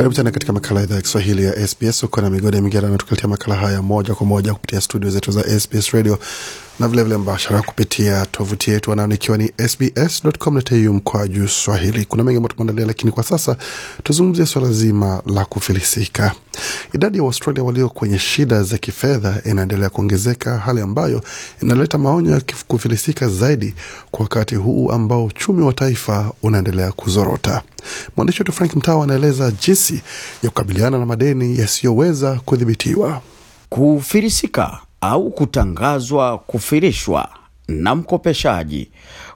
Karibu tena katika makala idhaa ya Kiswahili ya SBS. Uko na ya migerano tukaletia makala haya moja kwa moja kupitia studio zetu za SBS Radio na vilevile mbashara kupitia tovuti yetu anaonikiwa ni sbs.com.au mkoa juu Swahili. Kuna mengi ambayo tumeandalia, lakini kwa sasa tuzungumzie swala zima la kufilisika. Idadi ya Waustralia walio kwenye shida za kifedha inaendelea kuongezeka, hali ambayo inaleta maonyo ya kufilisika zaidi kwa wakati huu ambao uchumi wa taifa unaendelea kuzorota. Mwandishi wetu Frank Mtawa anaeleza jinsi ya kukabiliana na madeni yasiyoweza kudhibitiwa. Kufilisika au kutangazwa kufirishwa na mkopeshaji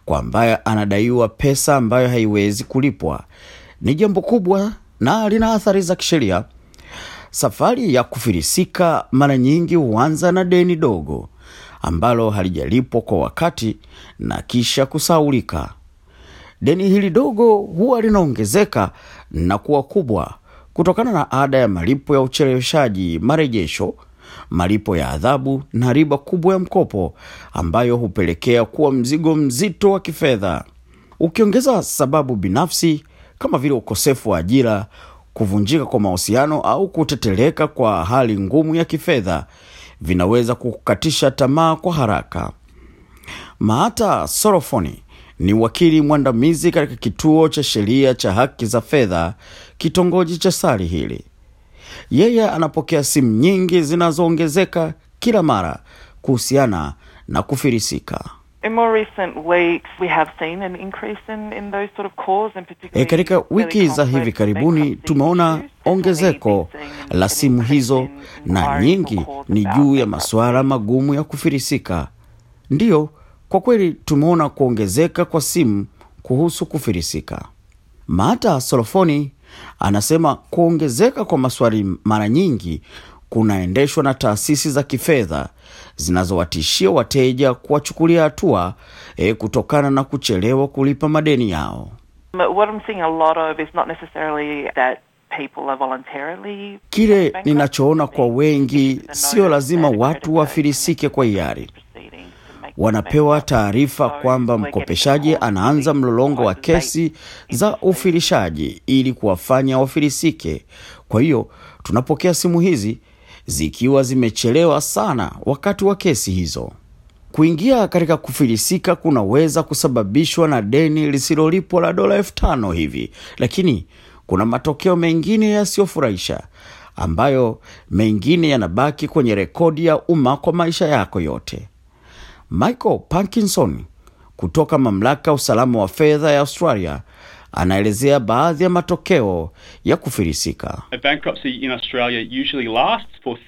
kwa ambaye anadaiwa pesa ambayo haiwezi kulipwa ni jambo kubwa na lina athari za kisheria. Safari ya kufirisika mara nyingi huanza na deni dogo ambalo halijalipwa kwa wakati na kisha kusaulika. Deni hili dogo huwa linaongezeka na kuwa kubwa kutokana na ada ya malipo ya ucheleweshaji, marejesho malipo ya adhabu na riba kubwa ya mkopo ambayo hupelekea kuwa mzigo mzito wa kifedha. Ukiongeza sababu binafsi kama vile ukosefu wa ajira, kuvunjika kwa mahusiano au kuteteleka kwa hali ngumu ya kifedha, vinaweza kukatisha tamaa kwa haraka. Maata Sorofoni ni wakili mwandamizi katika kituo cha sheria cha haki za fedha kitongoji cha Sari hili yeye anapokea simu nyingi zinazoongezeka kila mara kuhusiana na kufirisika. Eh, katika wiki za hivi karibuni tumeona ongezeko la simu hizo, na nyingi ni juu ya masuala magumu ya kufirisika. Ndiyo, kwa kweli tumeona kuongezeka kwa simu kuhusu kufirisika. Maata Solofoni Anasema kuongezeka kwa maswali mara nyingi kunaendeshwa na taasisi za kifedha zinazowatishia wateja kuwachukulia hatua e, kutokana na kuchelewa kulipa madeni yao. Kile ninachoona kwa wengi, sio lazima watu wafirisike kwa hiari wanapewa taarifa kwamba mkopeshaji anaanza mlolongo wa kesi za ufilishaji ili kuwafanya wafilisike. Kwa hiyo tunapokea simu hizi zikiwa zimechelewa sana wakati wa kesi hizo. Kuingia katika kufilisika kunaweza kusababishwa na deni lisilolipwa la dola elfu tano hivi, lakini kuna matokeo mengine yasiyofurahisha ambayo mengine yanabaki kwenye rekodi ya umma kwa maisha yako yote. Michael Parkinson kutoka mamlaka usalama wa fedha ya Australia anaelezea baadhi ya matokeo ya kufirisika.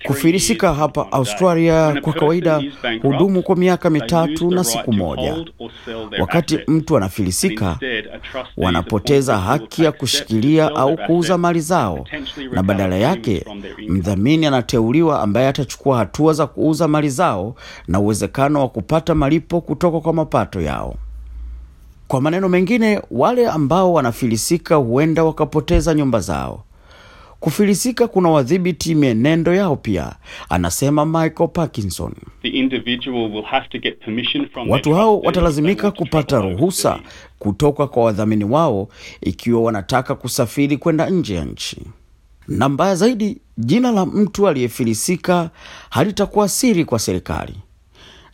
Kufirisika hapa Australia kwa kawaida hudumu kwa miaka mitatu na siku moja. Wakati mtu anafilisika, wanapoteza haki ya kushikilia au kuuza mali zao, na badala yake mdhamini anateuliwa ambaye atachukua hatua za kuuza mali zao na uwezekano wa kupata malipo kutoka kwa mapato yao. Kwa maneno mengine, wale ambao wanafilisika huenda wakapoteza nyumba zao. Kufilisika kuna wadhibiti mienendo yao pia, anasema Michael Parkinson. Watu hao watalazimika kupata ruhusa kutoka kwa wadhamini wao ikiwa wanataka kusafiri kwenda nje ya nchi. Na mbaya zaidi, jina la mtu aliyefilisika halitakuwa siri kwa serikali,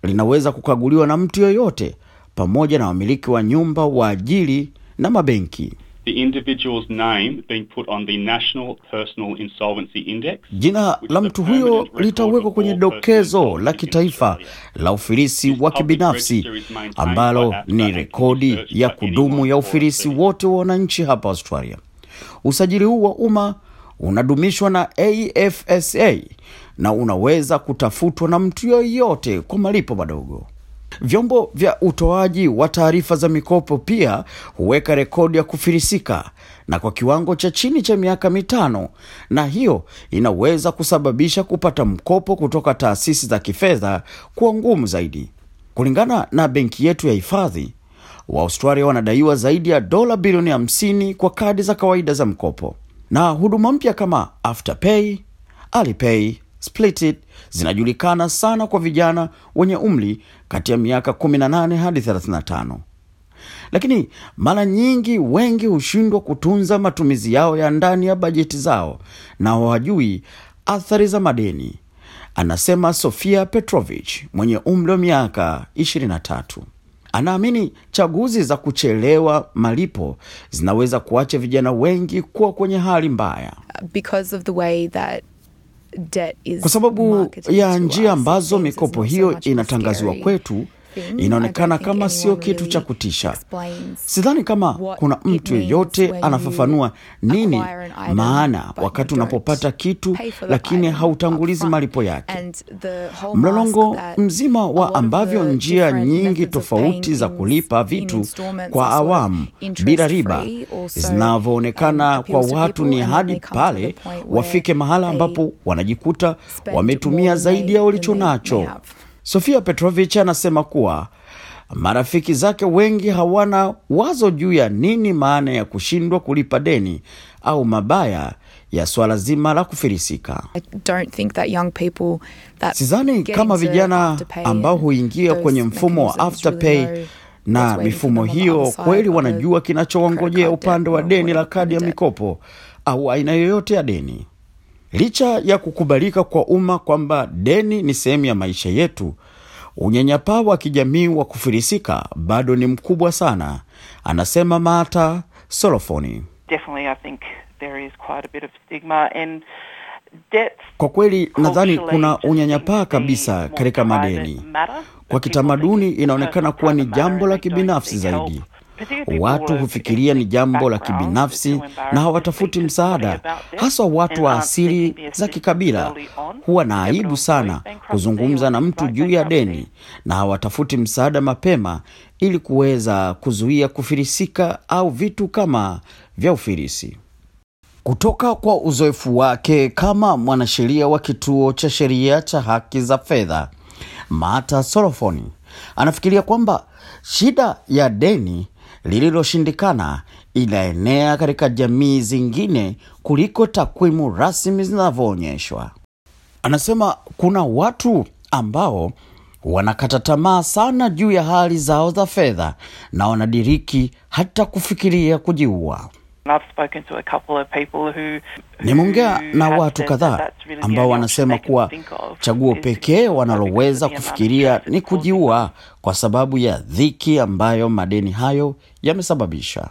linaweza kukaguliwa na mtu yoyote pamoja na wamiliki wa nyumba, wa ajili na mabenki. The individual's name being put on the National Personal Insolvency Index. Jina la mtu huyo litawekwa kwenye dokezo la kitaifa la ufilisi wa kibinafsi ambalo ni rekodi ya kudumu ya ufilisi wote wa wananchi hapa Australia. Usajili huu wa umma unadumishwa na AFSA na unaweza kutafutwa na mtu yoyote kwa malipo madogo. Vyombo vya utoaji wa taarifa za mikopo pia huweka rekodi ya kufirisika na kwa kiwango cha chini cha miaka mitano, na hiyo inaweza kusababisha kupata mkopo kutoka taasisi za kifedha kuwa ngumu zaidi. Kulingana na benki yetu ya hifadhi, Waaustralia wanadaiwa zaidi ya dola bilioni 50 kwa kadi za kawaida za mkopo na huduma mpya kama Afterpay, Alipay splitted zinajulikana sana kwa vijana wenye umri kati ya miaka 18 hadi 35. Lakini mara nyingi wengi hushindwa kutunza matumizi yao ya ndani ya bajeti zao na hawajui athari za madeni, anasema Sofia Petrovich mwenye umri wa miaka 23. Anaamini chaguzi za kuchelewa malipo zinaweza kuacha vijana wengi kuwa kwenye hali mbaya. Because of the way that Debt is kwa sababu ya njia ambazo mikopo hiyo inatangaziwa kwetu inaonekana kama sio kitu cha kutisha. Sidhani kama kuna mtu yeyote anafafanua nini maana wakati unapopata kitu lakini hautangulizi malipo yake. Mlolongo mzima wa ambavyo njia nyingi tofauti za kulipa vitu kwa awamu bila riba zinavyoonekana um, kwa watu ni hadi pale wafike mahala ambapo wanajikuta wametumia zaidi ya walicho nacho. Sofia Petrovich anasema kuwa marafiki zake wengi hawana wazo juu ya nini maana ya kushindwa kulipa deni au mabaya ya swala zima la kufirisika sizani kama vijana ambao huingia kwenye mfumo wa afterpay really na mifumo hiyo kweli wanajua kinachowangojea upande wa deni la kadi ya mikopo au aina yoyote ya deni. Licha ya kukubalika kwa umma kwamba deni ni sehemu ya maisha yetu, unyanyapaa wa kijamii wa kufirisika bado ni mkubwa sana, anasema mata Solofoni. Kwa kweli nadhani kuna unyanyapaa kabisa katika madeni. Kwa kitamaduni, inaonekana kuwa ni jambo la kibinafsi zaidi. Watu hufikiria ni jambo la kibinafsi na hawatafuti msaada, haswa watu wa asili za kikabila huwa na aibu sana kuzungumza na mtu juu ya deni na hawatafuti msaada mapema ili kuweza kuzuia kufirisika au vitu kama vya ufirisi. Kutoka kwa uzoefu wake kama mwanasheria wa kituo cha sheria cha haki za fedha, mata Solofoni anafikiria kwamba shida ya deni lililoshindikana inaenea katika jamii zingine kuliko takwimu rasmi zinavyoonyeshwa. Anasema kuna watu ambao wanakata tamaa sana juu ya hali zao za fedha na wanadiriki hata kufikiria kujiua. Nimeongea na watu kadhaa ambao wanasema kuwa chaguo pekee wanaloweza kufikiria ni kujiua kwa sababu ya dhiki ambayo madeni hayo yamesababisha.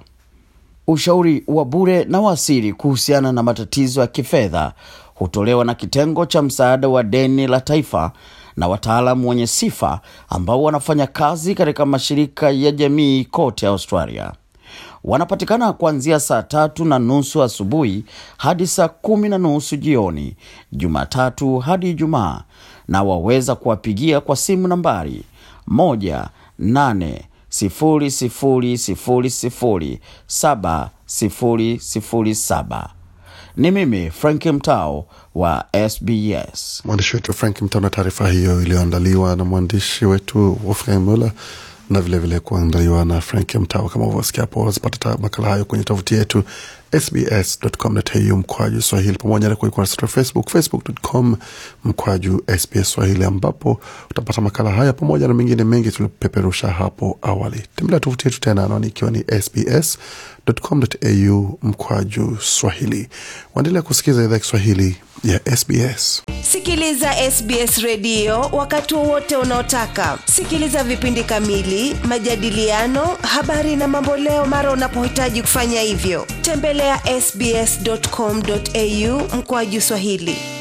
Ushauri wa bure na wa kuhusiana na matatizo ya kifedha hutolewa na kitengo cha msaada wa deni la taifa na wataalamu wenye sifa ambao wanafanya kazi katika mashirika ya jamii kote Australia. Wanapatikana kuanzia saa tatu na nusu asubuhi hadi saa kumi na nusu jioni Jumatatu hadi Ijumaa, na waweza kuwapigia kwa simu nambari moja nane sifuri sifuri sifuri sifuri saba sifuri sifuri saba. Ni mimi Frank Mtao wa SBS. Mwandishi wetu Frank Mtao na taarifa hiyo iliyoandaliwa na mwandishi wetu Wolfgang Muller na vilevile kuandaliwa na Frank Mtawa. Kama uvyosikia hapo, wazipata makala hayo kwenye tovuti yetu sbs.com.au mkwaju swahili pamoja na kwenye ukurasa wetu wa Facebook, facebook.com mkwaju SBS Swahili, ambapo utapata makala haya pamoja na mengine mengi tuliopeperusha hapo awali. Tembelea tovuti yetu tena, anaoni ikiwa ni sbs.com.au mkwaju swahili. Waendelea kusikiliza idhaa Kiswahili ya SBS. Sikiliza SBS redio wakati wowote unaotaka. Sikiliza vipindi kamili, majadiliano, habari na mamboleo mara unapohitaji kufanya hivyo. Tembelea tembelea sbs.com.au mkoaju swahili